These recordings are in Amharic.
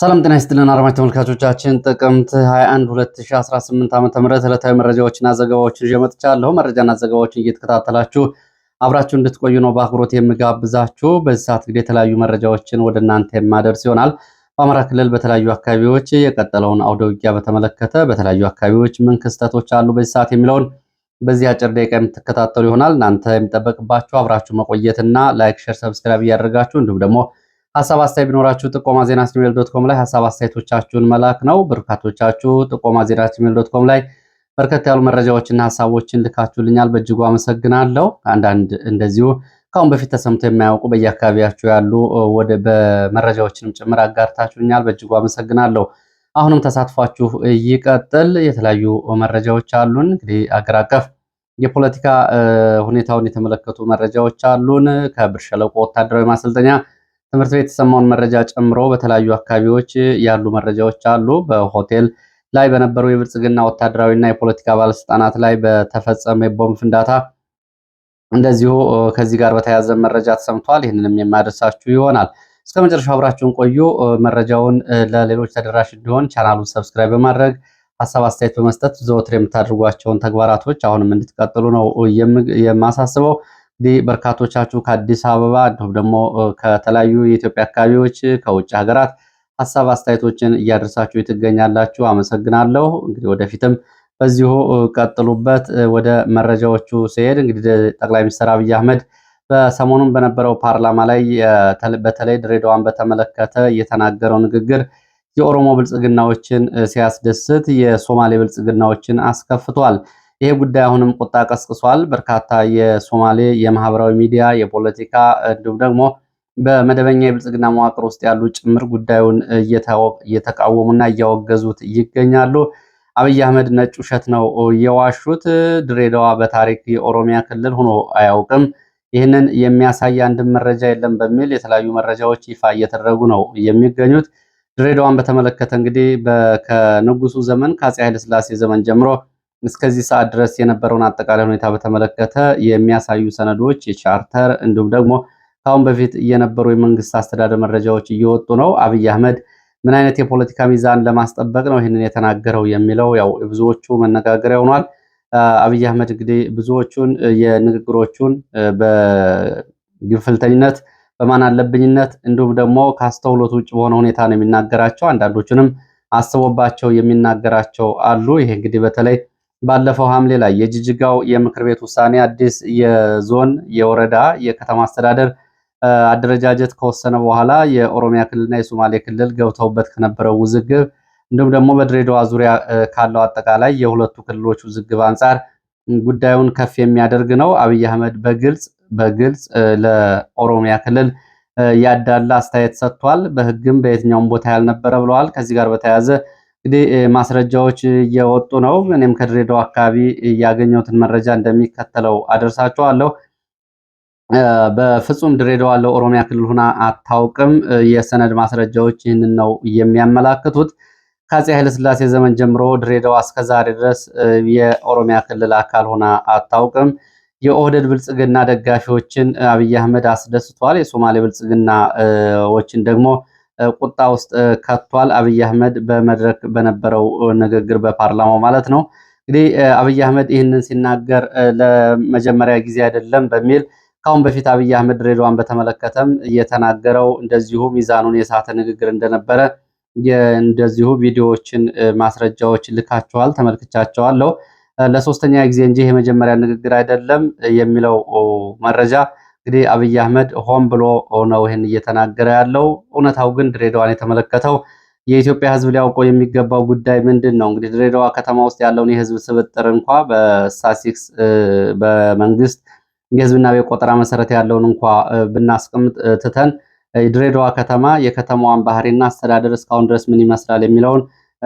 ሰላም ጤና ይስጥልን አድማጭ ተመልካቾቻችን፣ ጥቅምት 21 2018 ዓ ም ዕለታዊ መረጃዎችና ዘገባዎችን ይዤ መጥቻለሁ። መረጃና ዘገባዎችን እየተከታተላችሁ አብራችሁ እንድትቆዩ ነው በአክብሮት የምጋብዛችሁ። በዚህ ሰዓት እንግዲህ የተለያዩ መረጃዎችን ወደ እናንተ የማደርስ ይሆናል። በአማራ ክልል በተለያዩ አካባቢዎች የቀጠለውን አውደ ውጊያ በተመለከተ በተለያዩ አካባቢዎች ምን ክስተቶች አሉ በዚህ ሰዓት የሚለውን በዚህ አጭር ደቂቃ የምትከታተሉ ይሆናል። እናንተ የሚጠበቅባችሁ አብራችሁ መቆየትና ላይክ፣ ሸር፣ ሰብስክራይብ እያደረጋችሁ እንዲሁም ደግሞ ሀሳብ አስተያየት ቢኖራችሁ ጥቆማ ዜና ጂሜል ዶት ኮም ላይ ሀሳብ አስተያየቶቻችሁን መላክ ነው። በርካቶቻችሁ ጥቆማ ዜና ጂሜል ዶት ኮም ላይ በርከት ያሉ መረጃዎችና ሀሳቦችን ልካችሁልኛል። በእጅጉ አመሰግናለሁ። አንዳንድ እንደዚሁ ከአሁን በፊት ተሰምቶ የማያውቁ በየአካባቢያችሁ ያሉ ወደ በመረጃዎችንም ጭምር አጋርታችሁኛል። በእጅጉ አመሰግናለሁ። አሁንም ተሳትፏችሁ ይቀጥል። የተለያዩ መረጃዎች አሉን። እንግዲህ አገር አቀፍ የፖለቲካ ሁኔታውን የተመለከቱ መረጃዎች አሉን። ከብር ሸለቆ ወታደራዊ ማሰልጠኛ ትምህርት ቤት የተሰማውን መረጃ ጨምሮ በተለያዩ አካባቢዎች ያሉ መረጃዎች አሉ። በሆቴል ላይ በነበሩ የብልጽግና ወታደራዊና የፖለቲካ ባለስልጣናት ላይ በተፈጸመ የቦምብ ፍንዳታ እንደዚሁ ከዚህ ጋር በተያያዘ መረጃ ተሰምቷል። ይህንንም የማደርሳችሁ ይሆናል። እስከ መጨረሻ አብራችሁን ቆዩ። መረጃውን ለሌሎች ተደራሽ እንዲሆን ቻናሉን ሰብስክራይብ በማድረግ ሀሳብ አስተያየት በመስጠት ዘወትር የምታደርጓቸውን ተግባራቶች አሁንም እንድትቀጥሉ ነው የማሳስበው። እንግዲህ በርካቶቻችሁ ከአዲስ አበባ እንዲሁም ደግሞ ከተለያዩ የኢትዮጵያ አካባቢዎች ከውጭ ሀገራት ሀሳብ አስተያየቶችን እያደረሳችሁ ትገኛላችሁ። አመሰግናለሁ። እንግዲህ ወደፊትም በዚሁ ቀጥሉበት። ወደ መረጃዎቹ ሲሄድ እንግዲህ ጠቅላይ ሚኒስትር አብይ አህመድ በሰሞኑን በነበረው ፓርላማ ላይ በተለይ ድሬዳዋን በተመለከተ የተናገረው ንግግር የኦሮሞ ብልጽግናዎችን ሲያስደስት የሶማሌ ብልጽግናዎችን አስከፍቷል። ይሄ ጉዳይ አሁንም ቁጣ ቀስቅሷል። በርካታ የሶማሌ የማህበራዊ ሚዲያ፣ የፖለቲካ እንዲሁም ደግሞ በመደበኛ የብልጽግና መዋቅር ውስጥ ያሉ ጭምር ጉዳዩን እየተቃወሙና እያወገዙት ይገኛሉ። አብይ አህመድ ነጭ ውሸት ነው የዋሹት። ድሬዳዋ በታሪክ የኦሮሚያ ክልል ሆኖ አያውቅም። ይህንን የሚያሳይ አንድም መረጃ የለም በሚል የተለያዩ መረጃዎች ይፋ እየተደረጉ ነው የሚገኙት። ድሬዳዋን በተመለከተ እንግዲህ ከንጉሱ ዘመን ከአፄ ኃይለስላሴ ዘመን ጀምሮ እስከዚህ ሰዓት ድረስ የነበረውን አጠቃላይ ሁኔታ በተመለከተ የሚያሳዩ ሰነዶች የቻርተር እንዲሁም ደግሞ ከአሁን በፊት እየነበሩ የመንግስት አስተዳደር መረጃዎች እየወጡ ነው። አብይ አህመድ ምን አይነት የፖለቲካ ሚዛን ለማስጠበቅ ነው ይህንን የተናገረው የሚለው ያው ብዙዎቹ መነጋገሪያ ሆኗል። አብይ አህመድ እንግዲህ ብዙዎቹን የንግግሮቹን በግንፍልተኝነት በማን አለብኝነት እንዲሁም ደግሞ ከአስተውሎት ውጭ በሆነ ሁኔታ ነው የሚናገራቸው። አንዳንዶቹንም አስቦባቸው የሚናገራቸው አሉ። ይሄ እንግዲህ በተለይ ባለፈው ሐምሌ ላይ የጅጅጋው የምክር ቤት ውሳኔ አዲስ የዞን የወረዳ የከተማ አስተዳደር አደረጃጀት ከወሰነ በኋላ የኦሮሚያ ክልልና የሶማሌ ክልል ገብተውበት ከነበረው ውዝግብ እንዲሁም ደግሞ በድሬዳዋ ዙሪያ ካለው አጠቃላይ የሁለቱ ክልሎች ውዝግብ አንጻር ጉዳዩን ከፍ የሚያደርግ ነው። አብይ አህመድ በግልጽ በግልጽ ለኦሮሚያ ክልል ያዳላ አስተያየት ሰጥቷል። በህግም በየትኛውም ቦታ ያልነበረ ብለዋል። ከዚህ ጋር በተያያዘ እንግዲህ ማስረጃዎች እየወጡ ነው። እኔም ከድሬዳዋ አካባቢ ያገኘሁትን መረጃ እንደሚከተለው አደርሳችኋለሁ። በፍጹም ድሬዳዋ ለኦሮሚያ ክልል ሆና አታውቅም። የሰነድ ማስረጃዎች ይህንን ነው የሚያመላክቱት። ከአፄ ኃይለስላሴ ዘመን ጀምሮ ድሬዳዋ እስከዛሬ ድረስ የኦሮሚያ ክልል አካል ሆና አታውቅም። የኦህደድ ብልጽግና ደጋፊዎችን አብይ አህመድ አስደስቷል። የሶማሌ ብልጽግናዎችን ደግሞ ቁጣ ውስጥ ከቷል። አብይ አህመድ በመድረክ በነበረው ንግግር በፓርላማው ማለት ነው። እንግዲህ አብይ አህመድ ይህንን ሲናገር ለመጀመሪያ ጊዜ አይደለም በሚል ከአሁን በፊት አብይ አህመድ ድሬዳዋን በተመለከተም እየተናገረው እንደዚሁ ሚዛኑን የሳተ ንግግር እንደነበረ እንደዚሁ ቪዲዮዎችን ማስረጃዎች ልካቸዋል፣ ተመልክቻቸዋለሁ። ለሶስተኛ ጊዜ እንጂ የመጀመሪያ ንግግር አይደለም የሚለው መረጃ እንግዲህ አብይ አህመድ ሆን ብሎ ነው ይህን እየተናገረ ያለው። እውነታው ግን ድሬዳዋን የተመለከተው የኢትዮጵያ ሕዝብ ሊያውቀው የሚገባው ጉዳይ ምንድን ነው? እንግዲህ ድሬዳዋ ከተማ ውስጥ ያለውን የሕዝብ ስብጥር እንኳ በሳሲክስ በመንግስት የሕዝብና የቆጠራ መሰረት ያለውን እንኳ ብናስቀምጥ ትተን ድሬዳዋ ከተማ የከተማዋን ባህሪና አስተዳደር እስካሁን ድረስ ምን ይመስላል የሚለውን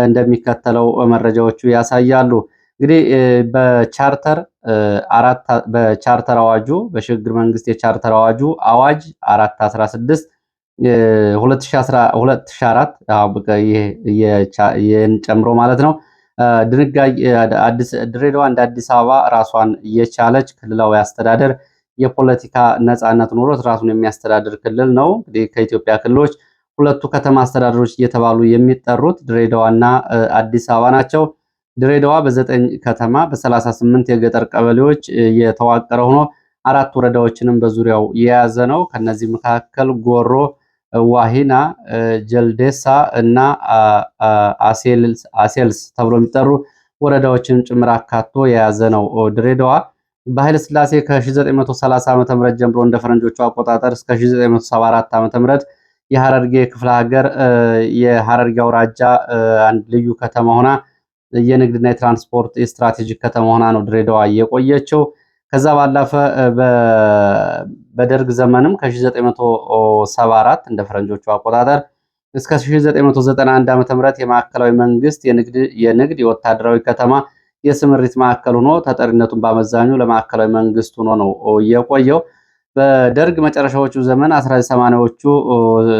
እንደሚከተለው መረጃዎቹ ያሳያሉ። እንግዲህ በቻርተር አራት በቻርተር አዋጁ በሽግግር መንግስት የቻርተር አዋጁ አዋጅ 416 2014 ይህን ጨምሮ ማለት ነው ድንጋይ ድሬዳዋ እንደ አዲስ አበባ ራሷን የቻለች ክልላዊ አስተዳደር የፖለቲካ ነጻነት ኖሮት ራሱን የሚያስተዳድር ክልል ነው። እንግዲህ ከኢትዮጵያ ክልሎች ሁለቱ ከተማ አስተዳደሮች እየተባሉ የሚጠሩት ድሬዳዋና አዲስ አበባ ናቸው። ድሬዳዋ በዘጠኝ ከተማ በ38 የገጠር ቀበሌዎች የተዋቀረ ሆኖ አራት ወረዳዎችንም በዙሪያው የያዘ ነው። ከነዚህ መካከል ጎሮ፣ ዋሂና፣ ጀልዴሳ እና አሴልስ ተብሎ የሚጠሩ ወረዳዎችን ጭምር አካቶ የያዘ ነው። ድሬዳዋ በኃይለ ሥላሴ ከ1930 ዓ ም ጀምሮ እንደ ፈረንጆቹ አቆጣጠር እስከ 1974 ዓ ም የሐረርጌ ክፍለ ሀገር የሐረርጌ አውራጃ አንድ ልዩ ከተማ ሆና የንግድና የትራንስፖርት የስትራቴጂክ ከተማ ሆና ነው ድሬዳዋ የቆየችው። ከዛ ባለፈ በደርግ ዘመንም ከ1974 እንደ ፈረንጆቹ አቆጣጠር እስከ 1991 ዓ.ም የማዕከላዊ መንግስት የንግድ የወታደራዊ ከተማ የስምሪት ማዕከል ሆኖ ተጠሪነቱን በአመዛኙ ለማዕከላዊ መንግስት ሆኖ ነው የቆየው። በደርግ መጨረሻዎቹ ዘመን 1980ዎቹ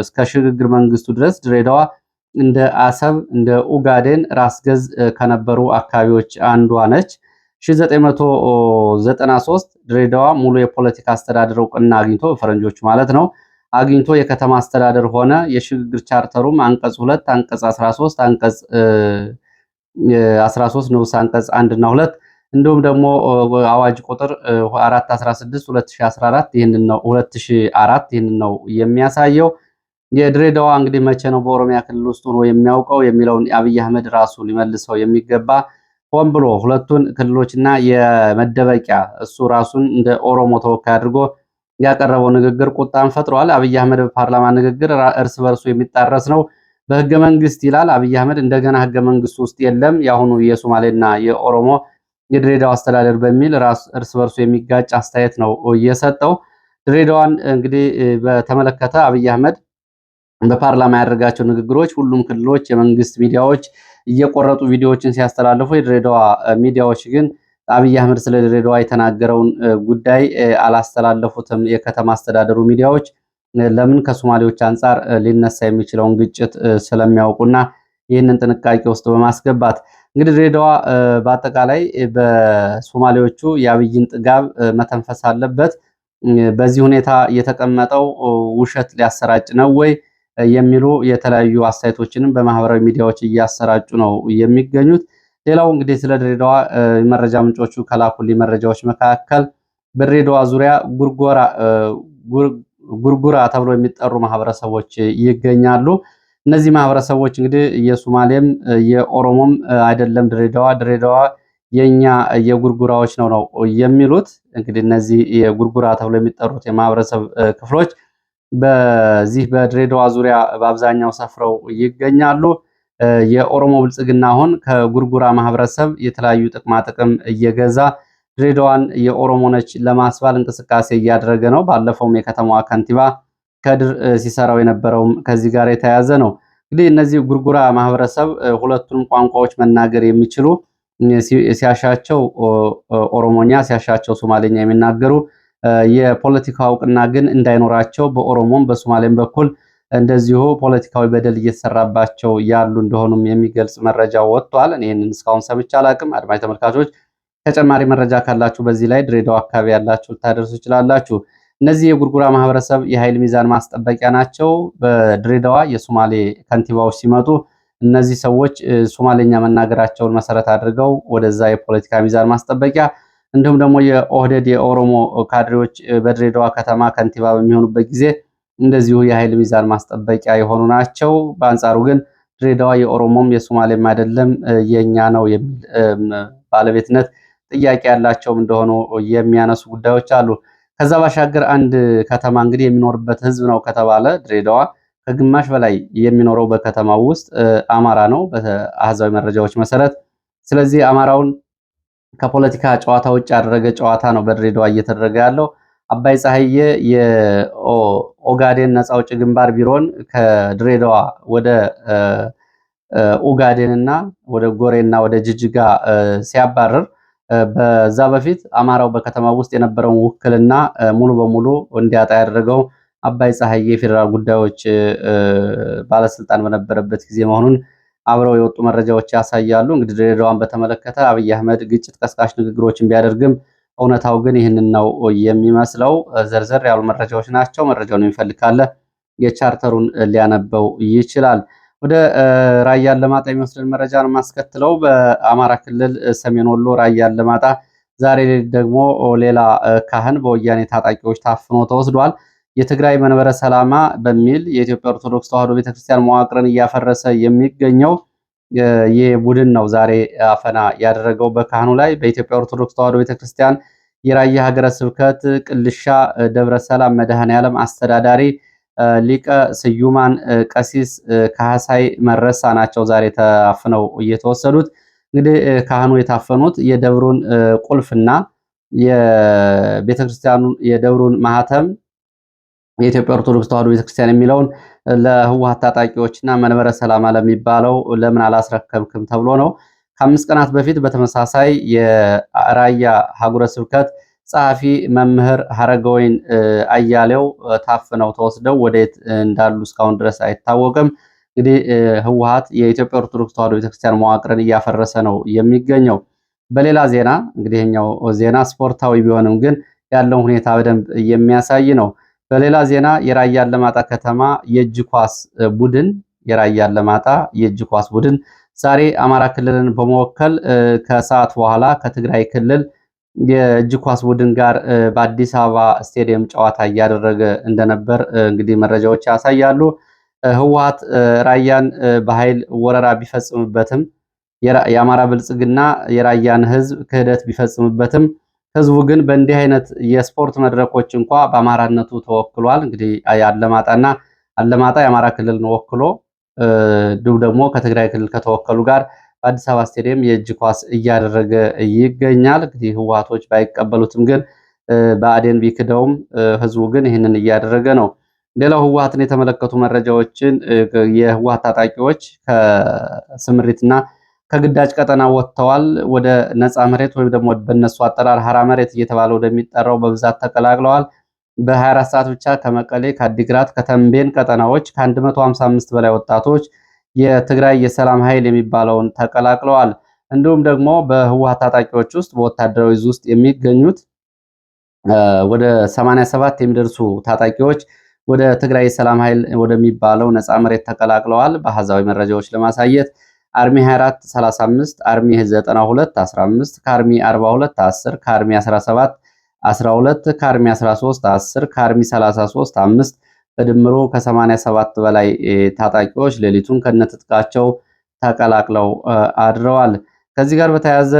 እስከ ሽግግር መንግስቱ ድረስ ድሬዳዋ እንደ አሰብ እንደ ኡጋዴን ራስ ገዝ ከነበሩ አካባቢዎች አንዷ ነች። 1993 ድሬዳዋ ሙሉ የፖለቲካ አስተዳደር እውቅና አግኝቶ በፈረንጆቹ ማለት ነው አግኝቶ የከተማ አስተዳደር ሆነ። የሽግግር ቻርተሩም አንቀጽ 2 አንቀጽ 13 አንቀጽ 13 ንዑስ አንቀጽ 1 እና 2 እንዲሁም ደግሞ አዋጅ ቁጥር 416 2014 ይህንን ነው 2004 ይህንን ነው የሚያሳየው። የድሬዳዋ እንግዲህ መቼ ነው በኦሮሚያ ክልል ውስጥ ሆኖ የሚያውቀው የሚለውን አብይ አህመድ ራሱ ሊመልሰው የሚገባ ሆን ብሎ ሁለቱን ክልሎችና የመደበቂያ እሱ ራሱን እንደ ኦሮሞ ተወካይ አድርጎ ያቀረበው ንግግር ቁጣን ፈጥሯል። አብይ አህመድ በፓርላማ ንግግር እርስ በርሱ የሚጣረስ ነው በህገ መንግስት ይላል አብይ አህመድ። እንደገና ህገ መንግስት ውስጥ የለም የአሁኑ የሶማሌና የኦሮሞ የድሬዳዋ አስተዳደር በሚል እርስ በርሱ የሚጋጭ አስተያየት ነው እየሰጠው። ድሬዳዋን እንግዲህ በተመለከተ አብይ አህመድ በፓርላማ ያደረጋቸው ንግግሮች ሁሉም ክልሎች የመንግስት ሚዲያዎች እየቆረጡ ቪዲዮዎችን ሲያስተላልፉ የድሬዳዋ ሚዲያዎች ግን አብይ አህመድ ስለ ድሬዳዋ የተናገረውን ጉዳይ አላስተላለፉትም። የከተማ አስተዳደሩ ሚዲያዎች ለምን ከሶማሌዎች አንጻር ሊነሳ የሚችለውን ግጭት ስለሚያውቁና ይህንን ጥንቃቄ ውስጥ በማስገባት እንግዲህ ድሬዳዋ በአጠቃላይ በሶማሌዎቹ የአብይን ጥጋብ መተንፈስ አለበት። በዚህ ሁኔታ የተቀመጠው ውሸት ሊያሰራጭ ነው ወይ? የሚሉ የተለያዩ አስተያየቶችንም በማህበራዊ ሚዲያዎች እያሰራጩ ነው የሚገኙት። ሌላው እንግዲህ ስለ ድሬዳዋ መረጃ ምንጮቹ ከላኩልኝ መረጃዎች መካከል በድሬዳዋ ዙሪያ ጉርጉራ ተብሎ የሚጠሩ ማህበረሰቦች ይገኛሉ። እነዚህ ማህበረሰቦች እንግዲህ የሱማሌም የኦሮሞም አይደለም ድሬዳዋ ድሬዳዋ የኛ የጉርጉራዎች ነው ነው የሚሉት እንግዲህ እነዚህ የጉርጉራ ተብሎ የሚጠሩት የማህበረሰብ ክፍሎች በዚህ በድሬዳዋ ዙሪያ በአብዛኛው ሰፍረው ይገኛሉ። የኦሮሞ ብልጽግና አሁን ከጉርጉራ ማህበረሰብ የተለያዩ ጥቅማ ጥቅም እየገዛ ድሬዳዋን የኦሮሞ ነች ለማስባል እንቅስቃሴ እያደረገ ነው። ባለፈውም የከተማዋ ከንቲባ ከድር ሲሰራው የነበረውም ከዚህ ጋር የተያያዘ ነው። እንግዲህ እነዚህ ጉርጉራ ማህበረሰብ ሁለቱንም ቋንቋዎች መናገር የሚችሉ ሲያሻቸው ኦሮሞኛ ሲያሻቸው ሶማሌኛ የሚናገሩ የፖለቲካ እውቅና ግን እንዳይኖራቸው በኦሮሞም በሶማሌም በኩል እንደዚሁ ፖለቲካዊ በደል እየተሰራባቸው ያሉ እንደሆኑም የሚገልጽ መረጃ ወጥቷል። ይህንን እስካሁን ሰምቼ አላቅም። አድማጭ ተመልካቾች ተጨማሪ መረጃ ካላችሁ በዚህ ላይ ድሬዳዋ አካባቢ ያላችሁ ልታደርሱ ይችላላችሁ። እነዚህ የጉርጉራ ማህበረሰብ የኃይል ሚዛን ማስጠበቂያ ናቸው። በድሬዳዋ የሶማሌ ከንቲባዎች ሲመጡ እነዚህ ሰዎች ሶማሌኛ መናገራቸውን መሰረት አድርገው ወደዛ የፖለቲካ ሚዛን ማስጠበቂያ እንዲሁም ደግሞ የኦህደድ የኦሮሞ ካድሬዎች በድሬዳዋ ከተማ ከንቲባ በሚሆኑበት ጊዜ እንደዚሁ የኃይል ሚዛን ማስጠበቂያ የሆኑ ናቸው። በአንጻሩ ግን ድሬዳዋ የኦሮሞም የሶማሌም አይደለም የእኛ ነው የሚል ባለቤትነት ጥያቄ ያላቸውም እንደሆኑ የሚያነሱ ጉዳዮች አሉ። ከዛ ባሻገር አንድ ከተማ እንግዲህ የሚኖርበት ህዝብ ነው ከተባለ ድሬዳዋ ከግማሽ በላይ የሚኖረው በከተማው ውስጥ አማራ ነው በአህዛዊ መረጃዎች መሰረት። ስለዚህ አማራውን ከፖለቲካ ጨዋታ ውጭ ያደረገ ጨዋታ ነው በድሬዳዋ እየተደረገ ያለው። አባይ ፀሐዬ የኦጋዴን ነፃ አውጪ ግንባር ቢሮን ከድሬዳዋ ወደ ኡጋዴንና ወደ ጎሬና ወደ ጅጅጋ ሲያባርር በዛ በፊት አማራው በከተማ ውስጥ የነበረውን ውክልና ሙሉ በሙሉ እንዲያጣ ያደረገው አባይ ፀሐዬ የፌዴራል ጉዳዮች ባለስልጣን በነበረበት ጊዜ መሆኑን አብረው የወጡ መረጃዎች ያሳያሉ። እንግዲህ ድሬዳዋን በተመለከተ አብይ አህመድ ግጭት ቀስቃሽ ንግግሮችን ቢያደርግም እውነታው ግን ይህንን ነው የሚመስለው። ዘርዘር ያሉ መረጃዎች ናቸው። መረጃውን የሚፈልግ ካለ የቻርተሩን ሊያነበው ይችላል። ወደ ራያ አላማጣ የሚወስደን መረጃ ነው የማስከትለው። በአማራ ክልል ሰሜን ወሎ ራያ አላማጣ ዛሬ ደግሞ ሌላ ካህን በወያኔ ታጣቂዎች ታፍኖ ተወስዷል። የትግራይ መንበረ ሰላማ በሚል የኢትዮጵያ ኦርቶዶክስ ተዋሕዶ ቤተክርስቲያን መዋቅርን እያፈረሰ የሚገኘው ይህ ቡድን ነው ዛሬ አፈና ያደረገው በካህኑ ላይ። በኢትዮጵያ ኦርቶዶክስ ተዋሕዶ ቤተክርስቲያን የራያ ሀገረ ስብከት ቅልሻ ደብረ ሰላም መድኃኔ አስተዳዳሪ ሊቀ ስዩማን ቀሲስ ካህሳይ መረሳ ናቸው ዛሬ ታፍነው እየተወሰዱት። እንግዲህ ካህኑ የታፈኑት የደብሩን ቁልፍና የቤተክርስቲያኑ የደብሩን ማህተም የኢትዮጵያ ኦርቶዶክስ ተዋህዶ ቤተክርስቲያን የሚለውን ለህወሓት ታጣቂዎችና መንበረ ሰላማ ለሚባለው ለምን አላስረከብክም ተብሎ ነው። ከአምስት ቀናት በፊት በተመሳሳይ የራያ ሀገረ ስብከት ጸሐፊ መምህር ሀረገወይን አያሌው ታፍነው ተወስደው ወደየት እንዳሉ እስካሁን ድረስ አይታወቅም። እንግዲህ ህወሀት የኢትዮጵያ ኦርቶዶክስ ተዋህዶ ቤተክርስቲያን መዋቅርን እያፈረሰ ነው የሚገኘው። በሌላ ዜና እንግዲህ ኛው ዜና ስፖርታዊ ቢሆንም ግን ያለውን ሁኔታ በደንብ የሚያሳይ ነው። በሌላ ዜና የራያ አላማጣ ከተማ የእጅ ኳስ ቡድን የራያ አላማጣ የእጅ ኳስ ቡድን ዛሬ አማራ ክልልን በመወከል ከሰዓት በኋላ ከትግራይ ክልል የእጅ ኳስ ቡድን ጋር በአዲስ አበባ ስቴዲየም ጨዋታ እያደረገ እንደነበር እንግዲህ መረጃዎች ያሳያሉ። ህወሓት ራያን በኃይል ወረራ ቢፈጽምበትም የአማራ ብልጽግና የራያን ህዝብ ክህደት ቢፈጽምበትም ህዝቡ ግን በእንዲህ አይነት የስፖርት መድረኮች እንኳ በአማራነቱ ተወክሏል። እንግዲህ አለማጣና አለማጣ የአማራ ክልልን ወክሎ እንዲሁም ደግሞ ከትግራይ ክልል ከተወከሉ ጋር በአዲስ አበባ ስቴዲየም የእጅ ኳስ እያደረገ ይገኛል። እንግዲህ ህወሓቶች ባይቀበሉትም ግን በአዴን ቢክደውም ህዝቡ ግን ይህንን እያደረገ ነው። ሌላው ህወሓትን የተመለከቱ መረጃዎችን የህወሓት ታጣቂዎች ከስምሪትና ከግዳጅ ቀጠና ወጥተዋል። ወደ ነፃ መሬት ወይም ደግሞ በነሱ አጠራር ሀራ መሬት እየተባለ ወደሚጠራው በብዛት ተቀላቅለዋል። በ24 ሰዓት ብቻ ከመቀሌ፣ ከአዲግራት፣ ከተንቤን ቀጠናዎች ከ155 በላይ ወጣቶች የትግራይ የሰላም ኃይል የሚባለውን ተቀላቅለዋል። እንዲሁም ደግሞ በህወሓት ታጣቂዎች ውስጥ በወታደራዊ እዝ ውስጥ የሚገኙት ወደ 87 የሚደርሱ ታጣቂዎች ወደ ትግራይ የሰላም ኃይል ወደሚባለው ነፃ መሬት ተቀላቅለዋል። በአሃዛዊ መረጃዎች ለማሳየት አርሚ 24 35 አርሚ 92 15 ካርሚ 42 10 ካርሚ 17 12 ካርሚ 13 10 ካርሚ 33 5 በድምሩ ከ87 በላይ ታጣቂዎች ሌሊቱን ከነትጥቃቸው ተቀላቅለው አድረዋል። ከዚህ ጋር በተያያዘ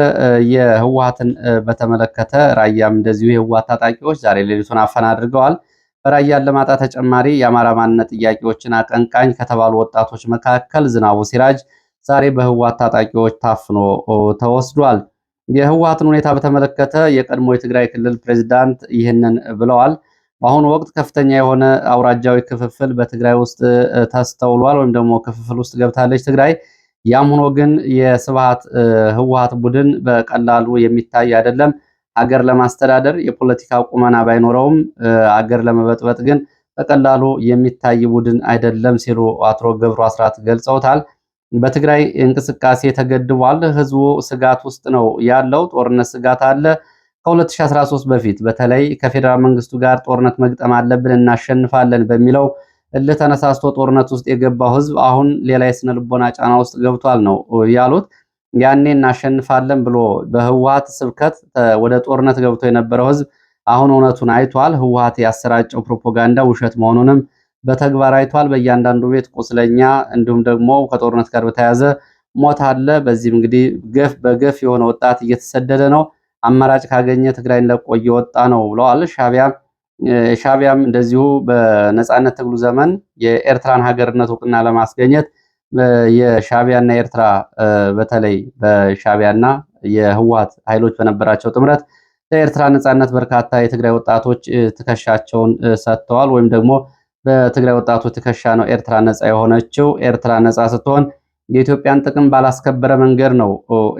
የህወሓትን በተመለከተ ራያም እንደዚሁ የህወሓት ታጣቂዎች ዛሬ ሌሊቱን አፈና አድርገዋል። በራያ አላማጣ ተጨማሪ የአማራ ማንነት ጥያቄዎችን አቀንቃኝ ከተባሉ ወጣቶች መካከል ዝናቡ ሲራጅ ዛሬ በህወሓት ታጣቂዎች ታፍኖ ተወስዷል። የህወሓትን ሁኔታ በተመለከተ የቀድሞ የትግራይ ክልል ፕሬዚዳንት ይህንን ብለዋል። በአሁኑ ወቅት ከፍተኛ የሆነ አውራጃዊ ክፍፍል በትግራይ ውስጥ ተስተውሏል፣ ወይም ደግሞ ክፍፍል ውስጥ ገብታለች ትግራይ። ያም ሆኖ ግን የስብሃት ህወሓት ቡድን በቀላሉ የሚታይ አይደለም። አገር ለማስተዳደር የፖለቲካ ቁመና ባይኖረውም አገር ለመበጥበጥ ግን በቀላሉ የሚታይ ቡድን አይደለም ሲሉ አቶ ገብሩ አስራት ገልጸውታል። በትግራይ እንቅስቃሴ ተገድቧል። ህዝቡ ስጋት ውስጥ ነው ያለው። ጦርነት ስጋት አለ። ከ2013 በፊት በተለይ ከፌዴራል መንግስቱ ጋር ጦርነት መግጠም አለብን እናሸንፋለን በሚለው እልህ ተነሳስቶ ጦርነት ውስጥ የገባው ህዝብ አሁን ሌላ የስነ ልቦና ጫና ውስጥ ገብቷል ነው ያሉት። ያኔ እናሸንፋለን ብሎ በህወሀት ስብከት ወደ ጦርነት ገብቶ የነበረው ህዝብ አሁን እውነቱን አይቷል። ህወሀት ያሰራጨው ፕሮፓጋንዳ ውሸት መሆኑንም በተግባር አይቷል። በእያንዳንዱ ቤት ቁስለኛ እንዲሁም ደግሞ ከጦርነት ጋር በተያያዘ ሞት አለ። በዚህም እንግዲህ ገፍ በገፍ የሆነ ወጣት እየተሰደደ ነው። አማራጭ ካገኘ ትግራይን ለቆ እየወጣ ነው ብለዋል። ሻቢያም እንደዚሁ በነፃነት ትግሉ ዘመን የኤርትራን ሀገርነት እውቅና ለማስገኘት የሻቢያና የኤርትራ በተለይ በሻቢያና የህወሀት ኃይሎች በነበራቸው ጥምረት ለኤርትራ ነፃነት በርካታ የትግራይ ወጣቶች ትከሻቸውን ሰጥተዋል ወይም ደግሞ በትግራይ ወጣቱ ትከሻ ነው ኤርትራ ነጻ የሆነችው። ኤርትራ ነጻ ስትሆን የኢትዮጵያን ጥቅም ባላስከበረ መንገድ ነው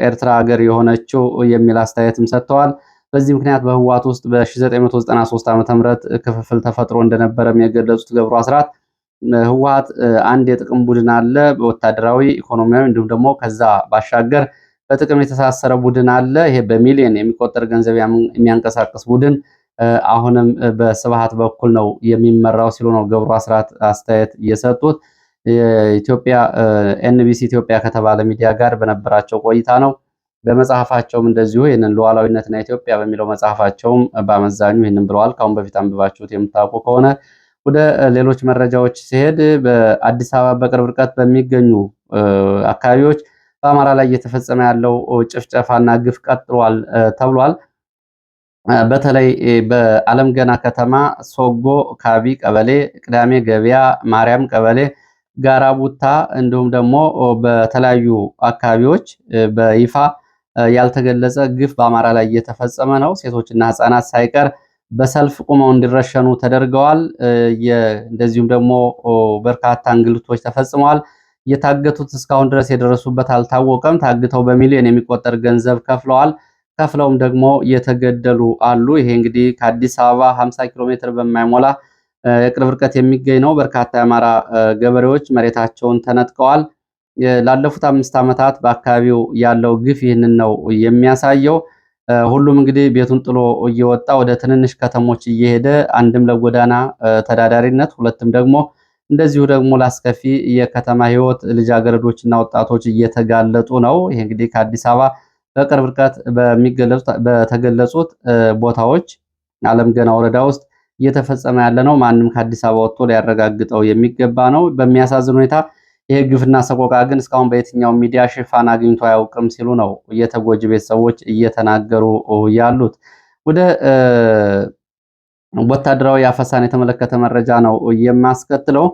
ኤርትራ ሀገር የሆነችው የሚል አስተያየትም ሰጥተዋል። በዚህ ምክንያት በህወሓት ውስጥ በ1993 ዓ ም ክፍፍል ተፈጥሮ እንደነበረም የገለጹት ገብሩ አስራት ህወሀት አንድ የጥቅም ቡድን አለ፣ በወታደራዊ ኢኮኖሚያዊ፣ እንዲሁም ደግሞ ከዛ ባሻገር በጥቅም የተሳሰረ ቡድን አለ። ይሄ በሚሊዮን የሚቆጠር ገንዘብ የሚያንቀሳቅስ ቡድን አሁንም በስብሃት በኩል ነው የሚመራው ሲሉ ነው ገብሩ አስራት አስተያየት የሰጡት። የኢትዮጵያ ኤንቢሲ ኢትዮጵያ ከተባለ ሚዲያ ጋር በነበራቸው ቆይታ ነው። በመጽሐፋቸውም እንደዚሁ ይህንን ሉዓላዊነትና ኢትዮጵያ በሚለው መጽሐፋቸውም በአመዛኙ ይህንን ብለዋል። ከአሁን በፊት አንብባችሁት የምታውቁ ከሆነ ወደ ሌሎች መረጃዎች ሲሄድ በአዲስ አበባ በቅርብ ርቀት በሚገኙ አካባቢዎች በአማራ ላይ እየተፈጸመ ያለው ጭፍጨፋና ግፍ ቀጥሏል ተብሏል። በተለይ በአለም ገና ከተማ ሶጎ ካቢ ቀበሌ፣ ቅዳሜ ገበያ ማርያም ቀበሌ፣ ጋራ ቡታ እንዲሁም ደግሞ በተለያዩ አካባቢዎች በይፋ ያልተገለጸ ግፍ በአማራ ላይ እየተፈጸመ ነው። ሴቶችና ህጻናት ሳይቀር በሰልፍ ቁመው እንዲረሸኑ ተደርገዋል። እንደዚሁም ደግሞ በርካታ እንግልቶች ተፈጽመዋል። የታገቱት እስካሁን ድረስ የደረሱበት አልታወቀም። ታግተው በሚሊዮን የሚቆጠር ገንዘብ ከፍለዋል። ከፍለውም ደግሞ የተገደሉ አሉ። ይሄ እንግዲህ ከአዲስ አበባ 50 ኪሎ ሜትር በማይሞላ የቅርብ ርቀት የሚገኝ ነው። በርካታ የአማራ ገበሬዎች መሬታቸውን ተነጥቀዋል። ላለፉት አምስት ዓመታት በአካባቢው ያለው ግፍ ይህንን ነው የሚያሳየው። ሁሉም እንግዲህ ቤቱን ጥሎ እየወጣ ወደ ትንንሽ ከተሞች እየሄደ አንድም ለጎዳና ተዳዳሪነት፣ ሁለትም ደግሞ እንደዚሁ ደግሞ ላስከፊ የከተማ ህይወት ልጃገረዶችና ወጣቶች እየተጋለጡ ነው። ይሄ እንግዲህ ከአዲስ አበባ በቅርብ ርቀት በተገለጹት ቦታዎች ዓለም ገና ወረዳ ውስጥ እየተፈጸመ ያለ ነው። ማንም ከአዲስ አበባ ወጥቶ ሊያረጋግጠው የሚገባ ነው። በሚያሳዝን ሁኔታ ይሄ ግፍና ሰቆቃ ግን እስካሁን በየትኛው ሚዲያ ሽፋን አግኝቶ አያውቅም ሲሉ ነው የተጎጂ ቤተሰቦች እየተናገሩ ያሉት። ወደ ወታደራዊ አፈሳን የተመለከተ መረጃ ነው የማስከትለው።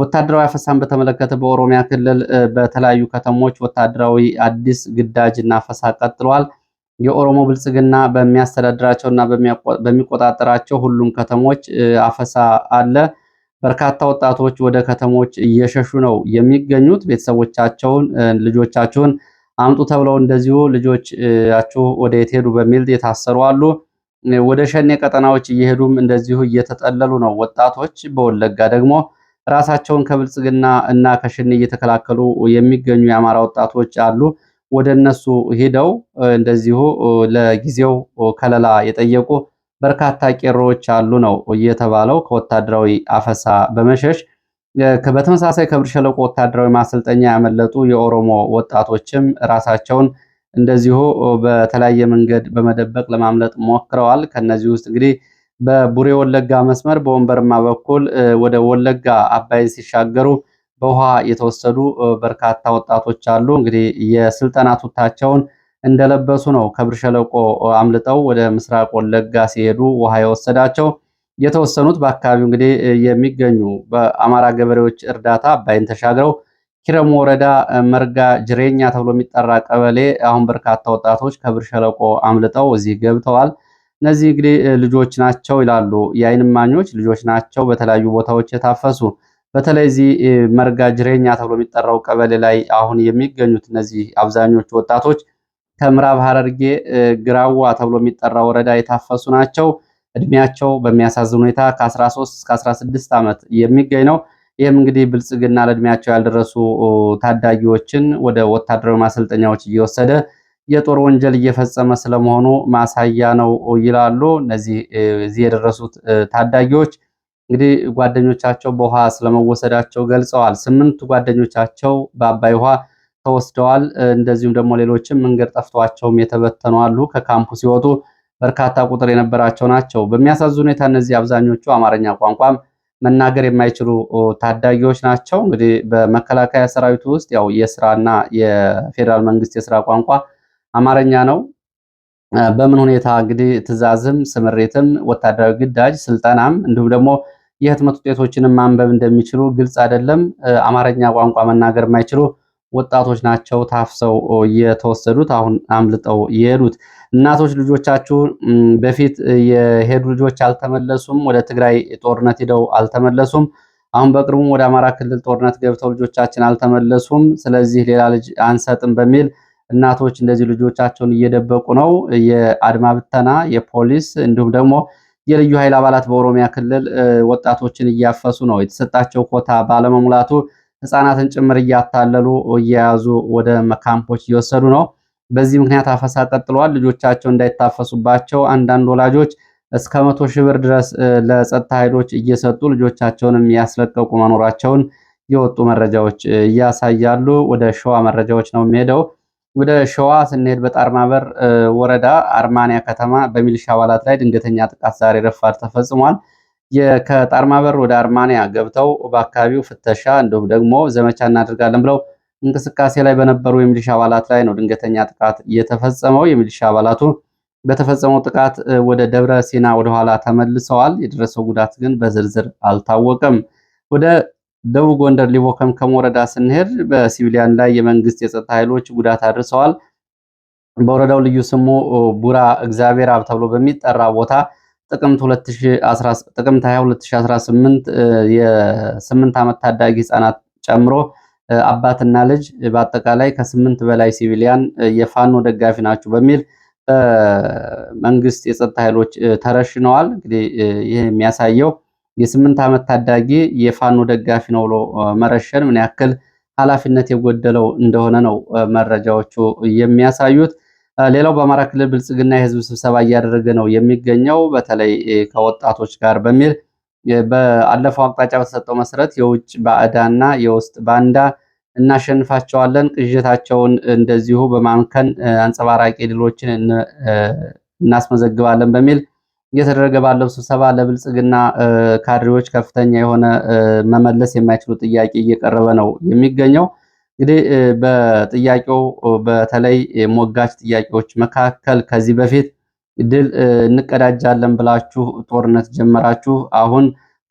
ወታደራዊ አፈሳን በተመለከተ በኦሮሚያ ክልል በተለያዩ ከተሞች ወታደራዊ አዲስ ግዳጅ እና አፈሳ ቀጥሏል። የኦሮሞ ብልጽግና በሚያስተዳድራቸው እና በሚቆጣጠራቸው ሁሉም ከተሞች አፈሳ አለ። በርካታ ወጣቶች ወደ ከተሞች እየሸሹ ነው የሚገኙት። ቤተሰቦቻቸውን፣ ልጆቻችሁን አምጡ ተብለው እንደዚሁ ልጆቻችሁ ወደ የት ሄዱ በሚል የታሰሩ አሉ። ወደ ሸኔ ቀጠናዎች እየሄዱም እንደዚሁ እየተጠለሉ ነው ወጣቶች። በወለጋ ደግሞ ራሳቸውን ከብልጽግና እና ከሽን እየተከላከሉ የሚገኙ የአማራ ወጣቶች አሉ። ወደ እነሱ ሄደው እንደዚሁ ለጊዜው ከለላ የጠየቁ በርካታ ቄሮዎች አሉ ነው እየተባለው። ከወታደራዊ አፈሳ በመሸሽ በተመሳሳይ ከብር ሸለቆ ወታደራዊ ማሰልጠኛ ያመለጡ የኦሮሞ ወጣቶችም ራሳቸውን እንደዚሁ በተለያየ መንገድ በመደበቅ ለማምለጥ ሞክረዋል። ከነዚህ ውስጥ እንግዲህ በቡሬ ወለጋ መስመር በወንበርማ በኩል ወደ ወለጋ አባይን ሲሻገሩ በውሃ የተወሰዱ በርካታ ወጣቶች አሉ። እንግዲህ የስልጠና ቱታቸውን እንደለበሱ ነው ከብር ሸለቆ አምልጠው ወደ ምስራቅ ወለጋ ሲሄዱ ውሃ የወሰዳቸው። የተወሰኑት በአካባቢው እንግዲህ የሚገኙ በአማራ ገበሬዎች እርዳታ አባይን ተሻግረው ኪረሙ ወረዳ መርጋ ጅሬኛ ተብሎ የሚጠራ ቀበሌ አሁን በርካታ ወጣቶች ከብር ሸለቆ አምልጠው እዚህ ገብተዋል። እነዚህ እንግዲህ ልጆች ናቸው ይላሉ የአይን እማኞች። ልጆች ናቸው በተለያዩ ቦታዎች የታፈሱ። በተለይ እዚህ መርጋ ጅሬኛ ተብሎ የሚጠራው ቀበሌ ላይ አሁን የሚገኙት እነዚህ አብዛኞቹ ወጣቶች ከምዕራብ ሐረርጌ ግራዋ ተብሎ የሚጠራ ወረዳ የታፈሱ ናቸው። እድሜያቸው በሚያሳዝን ሁኔታ ከ13 እስከ 16 ዓመት የሚገኝ ነው። ይህም እንግዲህ ብልጽግና ለእድሜያቸው ያልደረሱ ታዳጊዎችን ወደ ወታደራዊ ማሰልጠኛዎች እየወሰደ የጦር ወንጀል እየፈጸመ ስለመሆኑ ማሳያ ነው ይላሉ። እነዚህ እዚህ የደረሱት ታዳጊዎች እንግዲህ ጓደኞቻቸው በውሃ ስለመወሰዳቸው ገልጸዋል። ስምንት ጓደኞቻቸው በአባይ ውሃ ተወስደዋል። እንደዚሁም ደግሞ ሌሎችም መንገድ ጠፍቷቸውም የተበተኑ አሉ። ከካምፑ ሲወጡ በርካታ ቁጥር የነበራቸው ናቸው። በሚያሳዝን ሁኔታ እነዚህ አብዛኞቹ አማርኛ ቋንቋም መናገር የማይችሉ ታዳጊዎች ናቸው። እንግዲህ በመከላከያ ሰራዊት ውስጥ ያው የስራና የፌዴራል መንግስት የስራ ቋንቋ አማርኛ ነው። በምን ሁኔታ እንግዲህ ትዕዛዝም፣ ስምሪትም፣ ወታደራዊ ግዳጅ፣ ስልጠናም እንዲሁም ደግሞ የህትመት ውጤቶችንም ማንበብ እንደሚችሉ ግልጽ አይደለም። አማርኛ ቋንቋ መናገር የማይችሉ ወጣቶች ናቸው ታፍሰው የተወሰዱት፣ አሁን አምልጠው የሄዱት። እናቶች ልጆቻችሁ በፊት የሄዱ ልጆች አልተመለሱም። ወደ ትግራይ ጦርነት ሂደው አልተመለሱም። አሁን በቅርቡም ወደ አማራ ክልል ጦርነት ገብተው ልጆቻችን አልተመለሱም። ስለዚህ ሌላ ልጅ አንሰጥም በሚል እናቶች እንደዚህ ልጆቻቸውን እየደበቁ ነው። የአድማ ብተና፣ የፖሊስ እንዲሁም ደግሞ የልዩ ኃይል አባላት በኦሮሚያ ክልል ወጣቶችን እያፈሱ ነው። የተሰጣቸው ኮታ ባለመሙላቱ ህፃናትን ጭምር እያታለሉ እየያዙ ወደ መካምፖች እየወሰዱ ነው። በዚህ ምክንያት አፈሳ ቀጥሏል። ልጆቻቸው እንዳይታፈሱባቸው አንዳንድ ወላጆች እስከ መቶ ሺህ ብር ድረስ ለጸጥታ ኃይሎች እየሰጡ ልጆቻቸውንም ያስለቀቁ መኖራቸውን የወጡ መረጃዎች እያሳያሉ። ወደ ሸዋ መረጃዎች ነው የሚሄደው። ወደ ሸዋ ስንሄድ በጣርማበር ወረዳ አርማንያ ከተማ በሚሊሻ አባላት ላይ ድንገተኛ ጥቃት ዛሬ ረፋድ ተፈጽሟል። ከጣርማ በር ወደ አርማንያ ገብተው በአካባቢው ፍተሻ እንዲሁም ደግሞ ዘመቻ እናደርጋለን ብለው እንቅስቃሴ ላይ በነበሩ የሚሊሻ አባላት ላይ ነው ድንገተኛ ጥቃት የተፈጸመው። የሚሊሻ አባላቱ በተፈጸመው ጥቃት ወደ ደብረ ሲና ወደኋላ ተመልሰዋል። የደረሰው ጉዳት ግን በዝርዝር አልታወቀም። ወደ ደቡብ ጎንደር ሊቦ ከምከም ወረዳ ስንሄድ በሲቪሊያን ላይ የመንግስት የጸጥታ ኃይሎች ጉዳት አድርሰዋል። በወረዳው ልዩ ስሙ ቡራ እግዚአብሔር አብ ተብሎ በሚጠራ ቦታ ጥቅምት 2018 የስምንት ዓመት ታዳጊ ህጻናት ጨምሮ አባትና ልጅ በአጠቃላይ ከስምንት በላይ ሲቪሊያን የፋኖ ደጋፊ ናቸው በሚል በመንግስት የጸጥታ ኃይሎች ተረሽነዋል። እንግዲህ ይህ የሚያሳየው የስምንት ዓመት ታዳጊ የፋኖ ደጋፊ ነው ብሎ መረሸን ምን ያክል ኃላፊነት የጎደለው እንደሆነ ነው መረጃዎቹ የሚያሳዩት። ሌላው በአማራ ክልል ብልጽግና የህዝብ ስብሰባ እያደረገ ነው የሚገኘው በተለይ ከወጣቶች ጋር በሚል በአለፈው አቅጣጫ በተሰጠው መሰረት የውጭ ባዕዳና የውስጥ ባንዳ እናሸንፋቸዋለን፣ ቅዥታቸውን እንደዚሁ በማምከን አንጸባራቂ ድሎችን እናስመዘግባለን በሚል እየተደረገ ባለው ስብሰባ ለብልጽግና ካድሬዎች ከፍተኛ የሆነ መመለስ የማይችሉ ጥያቄ እየቀረበ ነው የሚገኘው። እንግዲህ በጥያቄው በተለይ ሞጋች ጥያቄዎች መካከል ከዚህ በፊት ድል እንቀዳጃለን ብላችሁ ጦርነት ጀመራችሁ፣ አሁን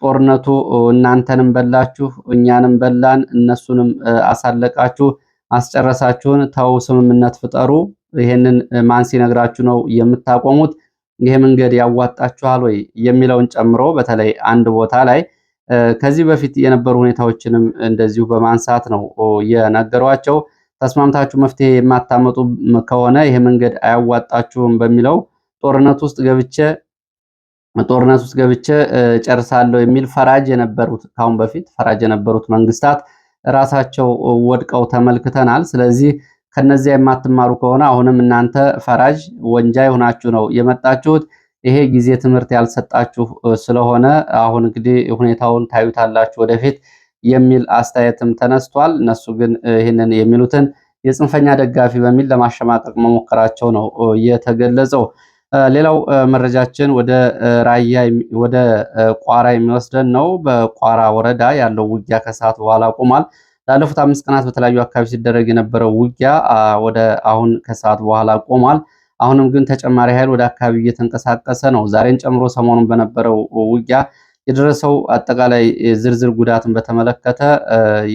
ጦርነቱ እናንተንም በላችሁ፣ እኛንም በላን፣ እነሱንም አሳለቃችሁ፣ አስጨረሳችሁን፣ ተው ስምምነት ፍጠሩ፣ ይሄንን ማን ሲነግራችሁ ነው የምታቆሙት? ይሄ መንገድ ያዋጣችኋል ወይ የሚለውን ጨምሮ በተለይ አንድ ቦታ ላይ ከዚህ በፊት የነበሩ ሁኔታዎችንም እንደዚሁ በማንሳት ነው የነገሯቸው። ተስማምታችሁ መፍትሄ የማታመጡ ከሆነ ይሄ መንገድ አያዋጣችሁም በሚለው ጦርነት ውስጥ ገብቼ ጦርነት ውስጥ ገብቼ ጨርሳለሁ የሚል ፈራጅ የነበሩት ከአሁን በፊት ፈራጅ የነበሩት መንግስታት ራሳቸው ወድቀው ተመልክተናል። ስለዚህ ከነዚያ የማትማሩ ከሆነ አሁንም እናንተ ፈራጅ ወንጃይ ሆናችሁ ነው የመጣችሁት። ይሄ ጊዜ ትምህርት ያልሰጣችሁ ስለሆነ አሁን እንግዲህ ሁኔታውን ታዩታላችሁ ወደፊት የሚል አስተያየትም ተነስቷል። እነሱ ግን ይህንን የሚሉትን የጽንፈኛ ደጋፊ በሚል ለማሸማቀቅ መሞከራቸው ነው የተገለጸው። ሌላው መረጃችን ወደ ራያ ወደ ቋራ የሚወስደን ነው። በቋራ ወረዳ ያለው ውጊያ ከሰዓት በኋላ ቆሟል። ላለፉት አምስት ቀናት በተለያዩ አካባቢዎች ሲደረግ የነበረው ውጊያ ወደ አሁን ከሰዓት በኋላ ቆሟል። አሁንም ግን ተጨማሪ ኃይል ወደ አካባቢ እየተንቀሳቀሰ ነው። ዛሬን ጨምሮ ሰሞኑን በነበረው ውጊያ የደረሰው አጠቃላይ ዝርዝር ጉዳትን በተመለከተ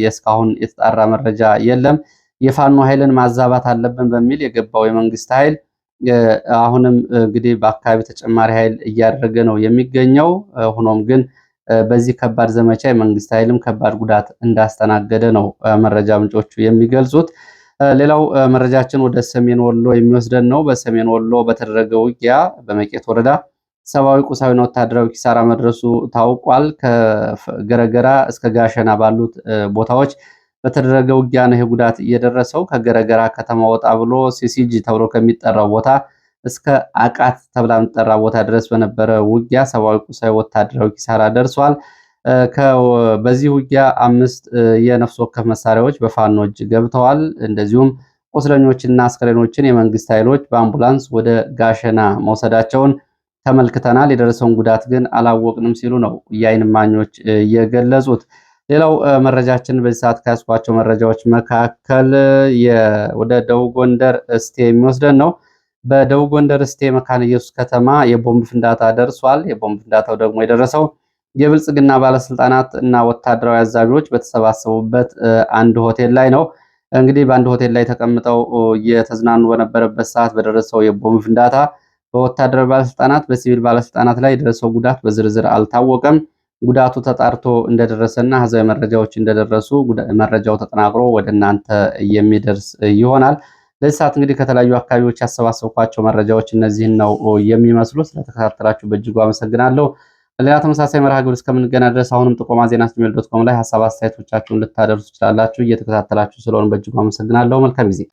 የእስካሁን የተጣራ መረጃ የለም። የፋኖ ኃይልን ማዛባት አለብን በሚል የገባው የመንግስት ኃይል አሁንም እንግዲህ በአካባቢ ተጨማሪ ኃይል እያደረገ ነው የሚገኘው ሆኖም ግን በዚህ ከባድ ዘመቻ የመንግስት ኃይልም ከባድ ጉዳት እንዳስተናገደ ነው መረጃ ምንጮቹ የሚገልጹት። ሌላው መረጃችን ወደ ሰሜን ወሎ የሚወስደን ነው። በሰሜን ወሎ በተደረገ ውጊያ በመቄት ወረዳ ሰብአዊ፣ ቁሳዊና ወታደራዊ ኪሳራ መድረሱ ታውቋል። ከገረገራ እስከ ጋሸና ባሉት ቦታዎች በተደረገ ውጊያ ነው ይሄ ጉዳት እየደረሰው። ከገረገራ ከተማ ወጣ ብሎ ሲሲጂ ተብሎ ከሚጠራው ቦታ እስከ አቃት ተብላ የምትጠራ ቦታ ድረስ በነበረ ውጊያ ሰብአዊ፣ ቁሳዊ፣ ወታደራዊ ኪሳራ ደርሷል። በዚህ ውጊያ አምስት የነፍስ ወከፍ መሳሪያዎች በፋኖ እጅ ገብተዋል። እንደዚሁም ቁስለኞችና አስከሬኖችን የመንግስት ኃይሎች በአምቡላንስ ወደ ጋሸና መውሰዳቸውን ተመልክተናል። የደረሰውን ጉዳት ግን አላወቅንም ሲሉ ነው የዓይን እማኞች የገለጹት። ሌላው መረጃችን በዚህ ሰዓት ከያዝኳቸው መረጃዎች መካከል ወደ ደቡብ ጎንደር እስቴ የሚወስደን ነው። በደቡብ ጎንደር እስቴ መካነ ኢየሱስ ከተማ የቦምብ ፍንዳታ ደርሷል። የቦምብ ፍንዳታው ደግሞ የደረሰው የብልጽግና ባለስልጣናት እና ወታደራዊ አዛዦች በተሰባሰቡበት አንድ ሆቴል ላይ ነው። እንግዲህ በአንድ ሆቴል ላይ ተቀምጠው እየተዝናኑ በነበረበት ሰዓት በደረሰው የቦምብ ፍንዳታ በወታደራዊ ባለስልጣናት፣ በሲቪል ባለስልጣናት ላይ የደረሰው ጉዳት በዝርዝር አልታወቀም። ጉዳቱ ተጣርቶ እንደደረሰና ህዝባዊ መረጃዎች እንደደረሱ መረጃው ተጠናቅሮ ወደ እናንተ የሚደርስ ይሆናል። ለዚህ ሰዓት እንግዲህ ከተለያዩ አካባቢዎች ያሰባሰብኳቸው መረጃዎች እነዚህን ነው የሚመስሉ። ስለተከታተላችሁ በእጅጉ አመሰግናለሁ። ሌላ ተመሳሳይ መርሃ ግብር እስከምንገና ድረስ አሁንም ጥቆማ ዜና ጂሜል ዶት ኮም ላይ ሀሳብ አስተያየቶቻችሁን ልታደርሱ ትችላላችሁ። እየተከታተላችሁ ስለሆነ በእጅጉ አመሰግናለሁ። መልካም ጊዜ